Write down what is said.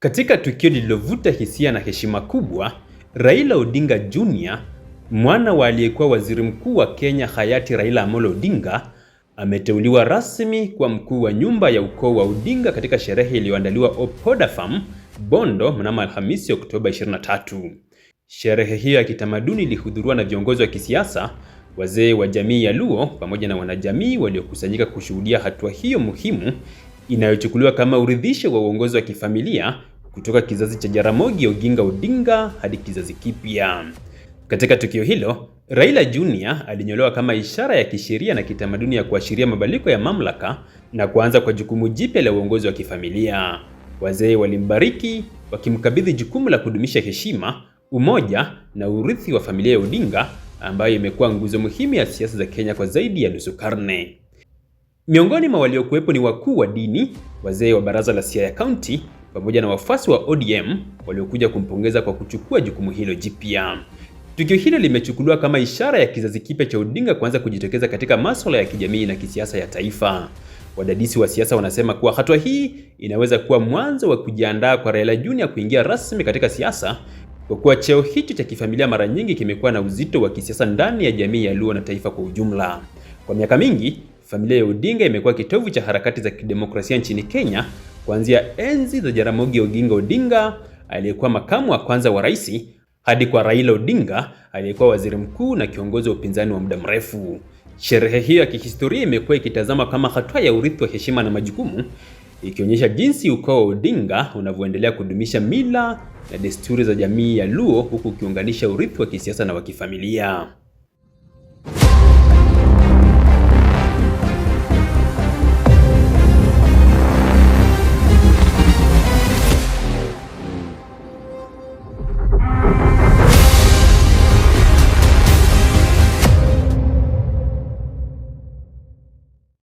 Katika tukio lililovuta hisia na heshima kubwa, Raila Odinga Jr, mwana wa aliyekuwa waziri mkuu wa Kenya hayati Raila Amolo Odinga, ameteuliwa rasmi kwa mkuu wa nyumba ya ukoo wa Odinga katika sherehe iliyoandaliwa Opoda Farm, Bondo mnamo Alhamisi Oktoba 23. Sherehe hiyo ya kitamaduni ilihudhuriwa na viongozi wa kisiasa, wazee wa jamii ya Luo pamoja na wanajamii waliokusanyika kushuhudia hatua hiyo muhimu inayochukuliwa kama uridhisho wa uongozi wa kifamilia kutoka kizazi cha Jaramogi Oginga Odinga hadi kizazi kipya. Katika tukio hilo, Raila Junior alinyolewa kama ishara ya kisheria na kitamaduni ya kuashiria mabadiliko ya mamlaka na kuanza kwa jukumu jipya la uongozi wa kifamilia. Wazee walimbariki wakimkabidhi jukumu la kudumisha heshima, umoja na urithi wa familia ya Odinga ambayo imekuwa nguzo muhimu ya siasa za Kenya kwa zaidi ya nusu karne. Miongoni mwa waliokuwepo ni wakuu wa dini, wazee wa baraza la Siaya County pamoja na wafuasi wa ODM waliokuja kumpongeza kwa kuchukua jukumu hilo jipya. Tukio hilo limechukuliwa kama ishara ya kizazi kipya cha Odinga kuanza kujitokeza katika masuala ya kijamii na kisiasa ya taifa. Wadadisi wa siasa wanasema kuwa hatua hii inaweza kuwa mwanzo wa kujiandaa kwa Raila Junior kuingia rasmi katika siasa, kwa kuwa cheo hicho cha kifamilia mara nyingi kimekuwa na uzito wa kisiasa ndani ya jamii ya Luo na taifa kwa ujumla. Kwa miaka mingi, familia ya Odinga imekuwa kitovu cha harakati za kidemokrasia nchini Kenya kuanzia enzi za Jaramogi Oginga Odinga aliyekuwa makamu wa kwanza wa rais hadi kwa Raila Odinga aliyekuwa waziri mkuu na kiongozi wa upinzani wa muda mrefu. Sherehe hiyo ya kihistoria imekuwa ikitazama kama hatua ya urithi wa heshima na majukumu, ikionyesha jinsi ukoo wa Odinga unavyoendelea kudumisha mila na desturi za jamii ya Luo huku ukiunganisha urithi wa kisiasa na wa kifamilia.